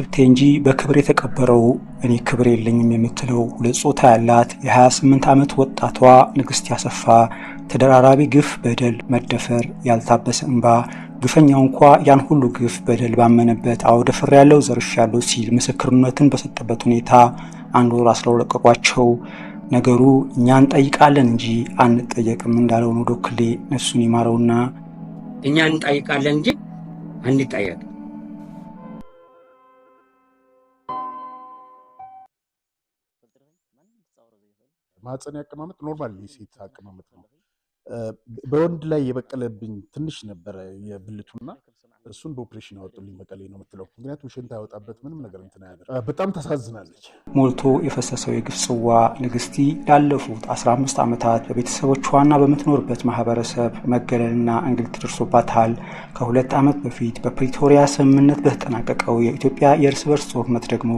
እትብቴ እንጂ በክብር የተቀበረው እኔ ክብር የለኝም የምትለው ሁለት ጾታ ያላት የ28 ዓመት ወጣቷ ንግስት ያሰፋ ተደራራቢ ግፍ፣ በደል፣ መደፈር፣ ያልታበሰ እንባ ግፈኛው እንኳ ያን ሁሉ ግፍ በደል ባመነበት አውደፍር ያለው ዘርሽ ያለው ሲል ምስክርነትን በሰጠበት ሁኔታ አንድ ወር አስረው ለቀቋቸው። ነገሩ እኛ እንጠይቃለን እንጂ አንጠየቅም እንዳለው ነው ዶክሌ ነፍሱን ይማረውና እኛ እንጠይቃለን እንጂ አንጠየቅ ማህፀኔ አቀማመጥ ኖርማል የሴት አቀማመጥ ነው። በወንድ ላይ የበቀለብኝ ትንሽ ነበረ የብልቱና እሱን በኦፕሬሽን ያወጡልኝ መቀሌ ነው የምትለው። ምክንያቱም ሽንት ያወጣበት ምንም ነገር እንትን ያደር በጣም ታሳዝናለች። ሞልቶ የፈሰሰው የግፍ ጽዋ ንግስቲ ላለፉት 15 ዓመታት በቤተሰቦቿና በምትኖርበት ማህበረሰብ መገለልና እንግልት ደርሶባታል። ከሁለት ዓመት በፊት በፕሪቶሪያ ስምምነት በተጠናቀቀው የኢትዮጵያ የእርስ በርስ ጦርነት ደግሞ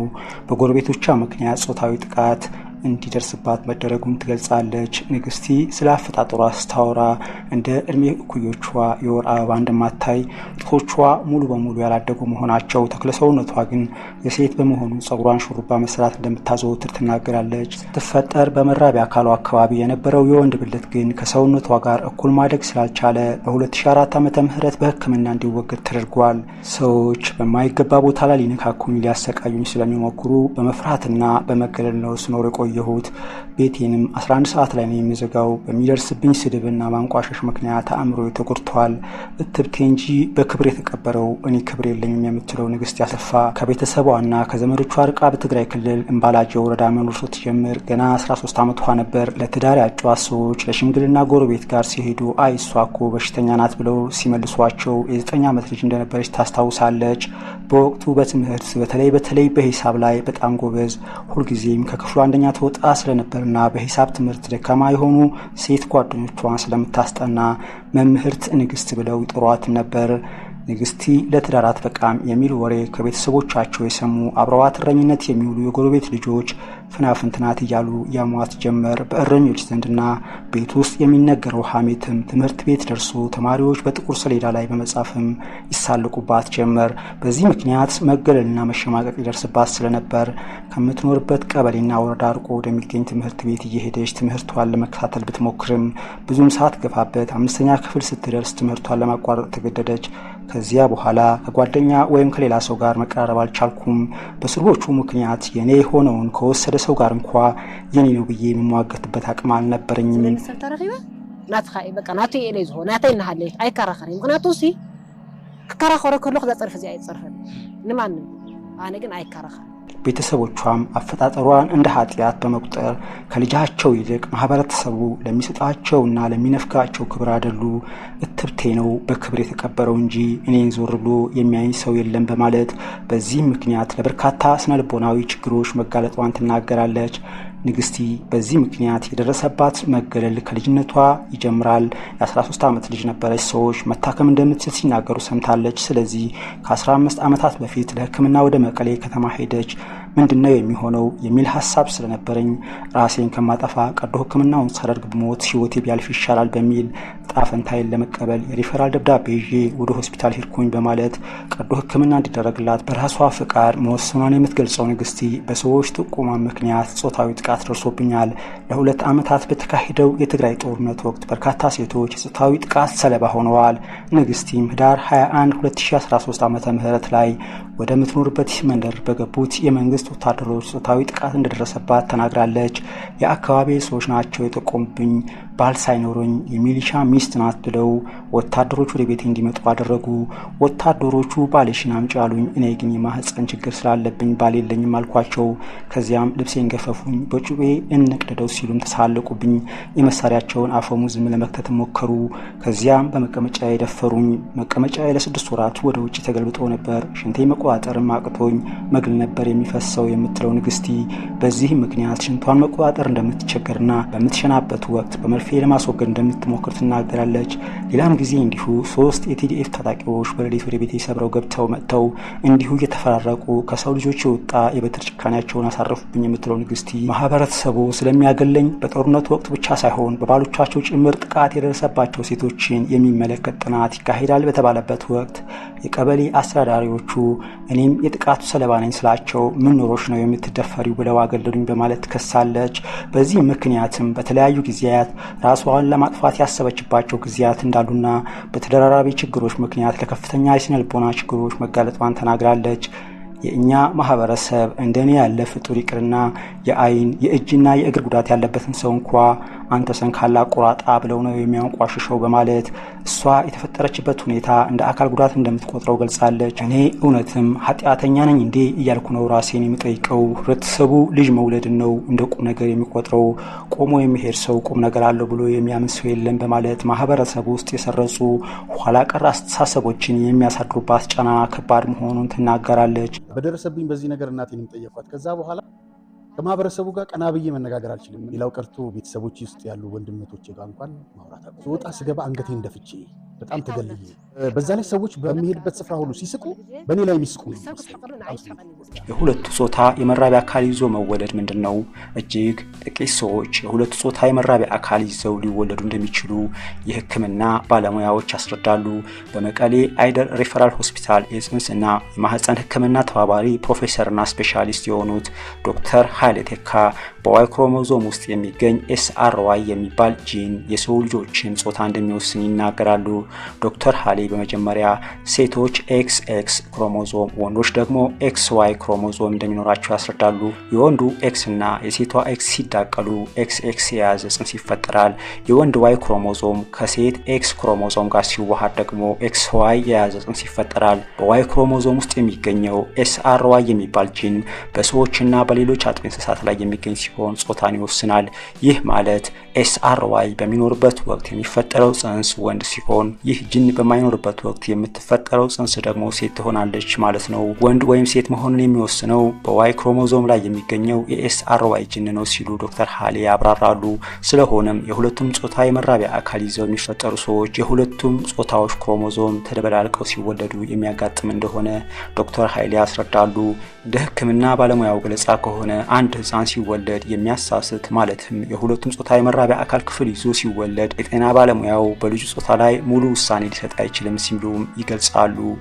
በጎረቤቶቿ ምክንያት ጾታዊ ጥቃት እንዲደርስባት መደረጉን ትገልጻለች። ንግስቲ ስለ አፈጣጠሯ ስታወራ እንደ እድሜ እኩዮቿ የወር አበባ እንደማታይ፣ ጡቶቿ ሙሉ በሙሉ ያላደጉ መሆናቸው፣ ተክለሰውነቷ ግን የሴት በመሆኑ ጸጉሯን ሹሩባ መሰራት እንደምታዘወትር ትናገራለች። ስትፈጠር በመራቢያ አካሏ አካባቢ የነበረው የወንድ ብልት ግን ከሰውነቷ ጋር እኩል ማደግ ስላልቻለ በ2004 ዓ ምህረት በህክምና እንዲወገድ ተደርጓል። ሰዎች በማይገባ ቦታ ላይ ሊነካኩኝ ሊያሰቃዩኝ ስለሚሞክሩ በመፍራትና በመገለል ነው ስኖር የቆዩ የቆየሁት። ቤቴንም 11 ሰዓት ላይ ነው የሚዘጋው። በሚደርስብኝ ስድብና ማንቋሸሽ ምክንያት አእምሮ ተጎድተዋል። እትብቴ እንጂ በክብር የተቀበረው እኔ ክብር የለኝም የምትለው ንግስት ያሰፋ ከቤተሰቧና ከዘመዶቿ አርቃ በትግራይ ክልል እምባላጀ ወረዳ መኖር ስትጀምር ገና 13 ዓመቷ ነበር። ለትዳር ያጯት ሰዎች ለሽምግልና ጎረቤት ጋር ሲሄዱ አይሷ እኮ በሽተኛ ናት ብለው ሲመልሷቸው የ9 ዓመት ልጅ እንደነበረች ታስታውሳለች። በወቅቱ በትምህርት በተለይ በተለይ በሂሳብ ላይ በጣም ጎበዝ፣ ሁልጊዜም ከክፍሉ አንደኛ አትወጣ ስለነበርና በሂሳብ ትምህርት ደካማ የሆኑ ሴት ጓደኞቿን ስለምታስጠና መምህርት ንግስት ብለው ይጠሯት ነበር። ንግስቲ ለትዳራት በቃም የሚል ወሬ ከቤተሰቦቻቸው የሰሙ አብረዋት እረኝነት የሚውሉ የጎረቤት ልጆች ፍናፍንትናት እያሉ ያሟት ጀመር። በእረኞች ዘንድና ቤት ውስጥ የሚነገረው ሐሜትም ትምህርት ቤት ደርሶ ተማሪዎች በጥቁር ሰሌዳ ላይ በመጻፍም ይሳልቁባት ጀመር። በዚህ ምክንያት መገለልና መሸማቀቅ ይደርስባት ስለነበር ከምትኖርበት ቀበሌና ወረዳ አርቆ ወደሚገኝ ትምህርት ቤት እየሄደች ትምህርቷን ለመከታተል ብትሞክርም ብዙም ሳትገፋበት አምስተኛ ክፍል ስትደርስ ትምህርቷን ለማቋረጥ ተገደደች። ከዚያ በኋላ ከጓደኛ ወይም ከሌላ ሰው ጋር መቀራረብ አልቻልኩም፣ በስርቦቹ ምክንያት የእኔ የሆነውን ከወሰደ ከሰው ጋር እንኳ የኔ ነው ብዬ የምሟገትበት አቅም አልነበረኝም። ናትካ በቃ ናቱ ናተይ ምክንያቱ ሲ ክከራኸሮ እዚ ኣይፅርፍን ንማንም ኣነ ግን ቤተሰቦቿም አፈጣጠሯን እንደ ኃጢአት በመቁጠር ከልጃቸው ይልቅ ማህበረተሰቡ ለሚሰጣቸውና ለሚነፍጋቸው ክብር አደሉ። እትብቴ ነው በክብር የተቀበረው እንጂ እኔን ዞር ብሎ የሚያይኝ ሰው የለም በማለት በዚህም ምክንያት ለበርካታ ስነልቦናዊ ችግሮች መጋለጧን ትናገራለች። ንግስቲ በዚህ ምክንያት የደረሰባት መገለል ከልጅነቷ ይጀምራል። የ13 ዓመት ልጅ ነበረች። ሰዎች መታከም እንደምትችል ሲናገሩ ሰምታለች። ስለዚህ ከ15 ዓመታት በፊት ለሕክምና ወደ መቀሌ ከተማ ሄደች። ምንድነው የሚሆነው የሚል ሀሳብ ስለነበረኝ ራሴን ከማጠፋ ቀዶ ሕክምናውን ሳደርግ ብሞት ህይወቴ ቢያልፍ ይሻላል በሚል ጣፈንታይን ለመቀበል የሪፈራል ደብዳቤ ይዤ ወደ ሆስፒታል ሄድኩኝ በማለት ቀዶ ሕክምና እንዲደረግላት በራሷ ፍቃድ መወሰኗን የምትገልጸው ንግስቲ በሰዎች ጥቁማ ምክንያት ጾታዊ ጥቃት ደርሶብኛል፣ ለሁለት ዓመታት በተካሄደው የትግራይ ጦርነት ወቅት በርካታ ሴቶች የጾታዊ ጥቃት ሰለባ ሆነዋል። ንግስቲም ህዳር 21 2013 ዓ ም ላይ ወደ ምትኖርበት መንደር በገቡት የመንግስት በመንግስት ወታደሮች ጾታዊ ጥቃት እንደደረሰባት ተናግራለች። የአካባቢ ሰዎች ናቸው የጠቆሙብኝ፣ ባል ሳይኖረኝ የሚሊሻ ሚስት ናት ብለው ወታደሮቹ ወደ ቤቴ እንዲመጡ አደረጉ። ወታደሮቹ ባልሽን አምጪ አሉኝ። እኔ ግን የማህፀን ችግር ስላለብኝ ባል የለኝም አልኳቸው። ከዚያም ልብሴን ገፈፉኝ፣ በጩቤ እንቅደደው ሲሉም ተሳለቁብኝ። የመሳሪያቸውን ዝም ለመክተት ሞከሩ። ከዚያም በመቀመጫ የደፈሩኝ። መቀመጫ ለስድስት ወራት ወደ ውጭ ተገልብጦ ነበር። ሽንቴ መቆጣጠርም አቅቶኝ መግል ነበር የሚፈስ ሰው የምትለው ንግስቲ በዚህ ምክንያት ሽንቷን መቆጣጠር እንደምትቸገርና በምትሸናበት ወቅት በመርፌ ለማስወገድ እንደምትሞክር ትናገራለች። ሌላም ጊዜ እንዲሁ ሶስት የቲዲኤፍ ታጣቂዎች በሌሊት ወደ ቤት የሰብረው ገብተው መጥተው እንዲሁ እየተፈራረቁ ከሰው ልጆች የወጣ የበትር ጭካኔያቸውን አሳረፉብኝ የምትለው ንግስቲ ማህበረተሰቡ ስለሚያገለኝ በጦርነቱ ወቅት ብቻ ሳይሆን በባሎቻቸው ጭምር ጥቃት የደረሰባቸው ሴቶችን የሚመለከት ጥናት ይካሄዳል በተባለበት ወቅት የቀበሌ አስተዳዳሪዎቹ እኔም የጥቃቱ ሰለባ ነኝ ስላቸው ምን ኑሮች ነው የምትደፈሪው ብለው አገለሉኝ በማለት ትከሳለች። በዚህ ምክንያትም በተለያዩ ጊዜያት ራሷን ለማጥፋት ያሰበችባቸው ጊዜያት እንዳሉና በተደራራቢ ችግሮች ምክንያት ለከፍተኛ የስነልቦና ችግሮች መጋለጧን ተናግራለች። የእኛ ማህበረሰብ እንደኔ ያለ ፍጡር ይቅርና የአይን የእጅና የእግር ጉዳት ያለበትን ሰው እንኳ አንተ ሰንካላ ቁራጣ ብለው ነው የሚያንቋሽሸው በማለት እሷ የተፈጠረችበት ሁኔታ እንደ አካል ጉዳት እንደምትቆጥረው ገልጻለች። እኔ እውነትም ኃጢአተኛ ነኝ እንዴ እያልኩ ነው ራሴን የሚጠይቀው። ህብረተሰቡ ልጅ መውለድን ነው እንደ ቁም ነገር የሚቆጥረው። ቆሞ የሚሄድ ሰው ቁም ነገር አለው ብሎ የሚያምን ሰው የለም በማለት ማህበረሰብ ውስጥ የሰረጹ ኋላ ቀር አስተሳሰቦችን የሚያሳድሩባት ጫና ከባድ መሆኑን ትናገራለች። በደረሰብኝ በዚህ ነገር እናቴንም ጠየኳት። ከዛ በኋላ ከማህበረሰቡ ጋር ቀና ብዬ መነጋገር አልችልም። ሌላው ቀርቶ ቤተሰቦች ውስጥ ያሉ ወንድምነቶች ጋር እንኳን ማውራት ወጣ ስገባ አንገቴ እንደፍቼ በጣም ተገልዬ በዛ ላይ ሰዎች በሚሄድበት ስፍራ ሁሉ ሲስቁ በእኔ ላይ የሚስቁ የሁለቱ ጾታ የመራቢያ አካል ይዞ መወለድ ምንድን ነው? እጅግ ጥቂት ሰዎች የሁለቱ ጾታ የመራቢያ አካል ይዘው ሊወለዱ እንደሚችሉ የሕክምና ባለሙያዎች ያስረዳሉ። በመቀሌ አይደር ሪፈራል ሆስፒታል የጽንስና የማህፀን ሕክምና ተባባሪ ፕሮፌሰርና ስፔሻሊስት የሆኑት ዶክተር ኃይሌ ቴካ በዋይ ክሮሞዞም ውስጥ የሚገኝ ኤስአርዋይ የሚባል ጂን የሰው ልጆችን ጾታ እንደሚወስን ይናገራሉ። ዶክተር ሀሊ በመጀመሪያ ሴቶች ኤክስ ኤክስ ክሮሞዞም፣ ወንዶች ደግሞ ኤክስ ዋይ ክሮሞዞም እንደሚኖራቸው ያስረዳሉ። የወንዱ ኤክስ እና የሴቷ ኤክስ ሲዳቀሉ ኤክስ ኤክስ የያዘ ጽንስ ይፈጠራል። የወንድ ዋይ ክሮሞዞም ከሴት ኤክስ ክሮሞዞም ጋር ሲዋሃድ ደግሞ ኤክስ ዋይ የያዘ ጽንስ ይፈጠራል። በዋይ ክሮሞዞም ውስጥ የሚገኘው ኤስአር ዋይ የሚባል ጂን በሰዎችና በሌሎች አጥቢ እንስሳት ላይ የሚገኝ ሲሆን ጾታን ይወስናል። ይህ ማለት ኤስአር ዋይ በሚኖርበት ወቅት የሚፈጠረው ጽንስ ወንድ ሲሆን ይህ ጅን በማይኖርበት ወቅት የምትፈጠረው ጽንስ ደግሞ ሴት ትሆናለች ማለት ነው። ወንድ ወይም ሴት መሆኑን የሚወስነው በዋይ ክሮሞዞም ላይ የሚገኘው የኤስአርዋይ ጅን ነው ሲሉ ዶክተር ሀሌ ያብራራሉ። ስለሆነም የሁለቱም ጾታ የመራቢያ አካል ይዘው የሚፈጠሩ ሰዎች የሁለቱም ጾታዎች ክሮሞዞም ተደበላልቀው ሲወለዱ የሚያጋጥም እንደሆነ ዶክተር ሀይሌ ያስረዳሉ። እንደ ሕክምና ባለሙያው ገለጻ ከሆነ አንድ ህፃን ሲወለድ የሚያሳስት ማለትም የሁለቱም ጾታ የመራቢያ አካል ክፍል ይዞ ሲወለድ የጤና ባለሙያው በልጁ ጾታ ላይ ሙሉ ውሳኔ ሊሰጥ አይችልም ሲሉም ይገልጻሉ።